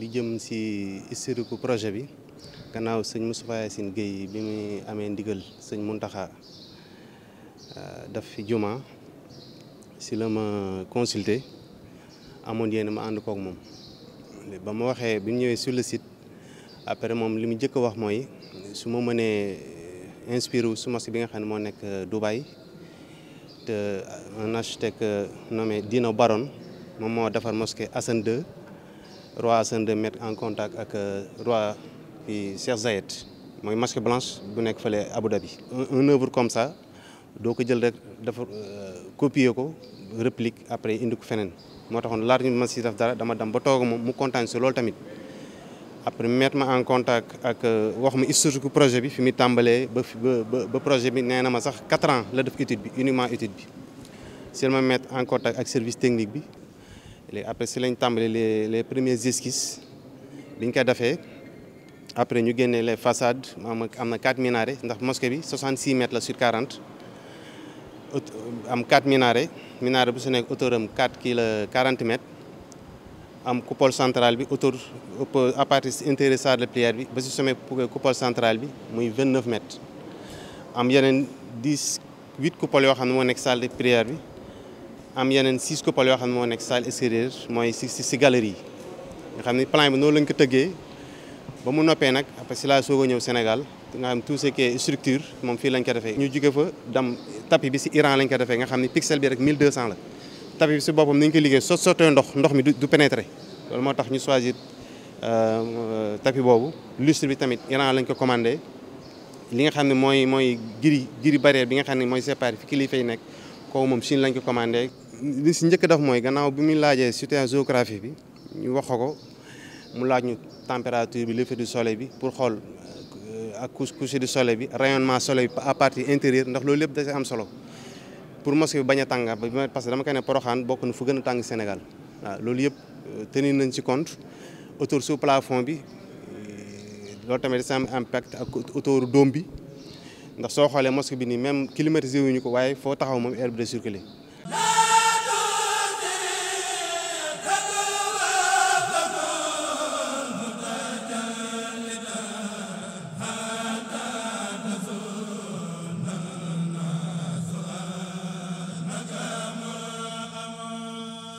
lu jëm si historique projet bi gannaaw sëñ Moustapha Yacine Guèye bi muy amee ndigal sëñ taxa euh, daf fi juma si la ma consulter amoon yéen ma ànd kook moom. ba ma waxee bi mu ñëwee sur le site après moom li mu njëkk a wax mooy su ma mënee euh, inspiré wu su mosquée bi nga xam ne moo nekk euh, Dubaï te un architecte nommé Dino Baron moom moo defar mosquée Hassan II. roi Hassan II mettre en contact ak euh, roi bi Cheikh Zayed mooy Mosquée Blanche bu nekk fële Abu Dhabi. un œuvre comme ça doo ko jël rek dafa euh, copier ko réplique après indi ko feneen moo taxoon laata ñu ma si def dara dama dem ba toog moom mu kontaan si loolu tamit après mettre ma en contact ak euh, wax ma historique projet bi fi mu tàmbalee ba ba ba projet bi nee na ma sax quatre ans la def étude bi uniquement étude bi si ma mettre en contact ak service technique bi. léegi après si lañ tàmbali les les premiers esquisses ñu koy defee après ñu génnee les ma am am na 4 minarets ndax mosquée bi 66 mètres la sur 40 am 4 minarets minaret bu su nekk hauteur am 4 kii mètres am coupole centrale bi autour à partir intérieur salle de prière bi ba si sommet coupole centrale bi muy 29 mètres am yeneen 10 8 coupoles yoo xam ne moo nekk salle de prière bi. am yeneen six coupole yoo xam ne moo nekk salle mooy si si si yi nga xam ne plan bi noonu lañ ko tëggee ba mu noppee nag après si laa soog a ñëw Sénégal nga xam tout ce qui est structure moom fii lañ ko defee. ñu jóge fa dam tapis bi si Iran lañ ko defee nga xam ne pixel bi rek 1200 la tapis bi si boppam ni ñu ko liggéey sot sottee ndox ndox mi du pénétrer loolu moo tax ñu choisir euh, tapis boobu lustre bi tamit Iran lañ ko commandé li nga xam ne mooy mooy giri giri barrière bi nga xam ne mooy séparé fi kilifa yi nekk. kooku moom Chine lañ ko commandé li si njëkk def mooy gannaaw bi muy laajee situation géographique bi ñu wax ko mu laaj ñu température bi l'effet du soleil bi pour xool euh, ak couche du soleil bi rayonnement soleil bi à partir intérieur ndax loolu lépp da si am solo pour mosquée bi bañ a tànga parce que dama koy ne Porokhane bokk na fu gën a tàng Sénégal waaw loolu yëpp euh, tenir nañ si compte autour sous plafond bi euh, loolu tamit da si am impact ak autour doom bi ndax soo xoolee mosquée bi nii même climatisé wuñu ko waaye foo taxaw moom air bi day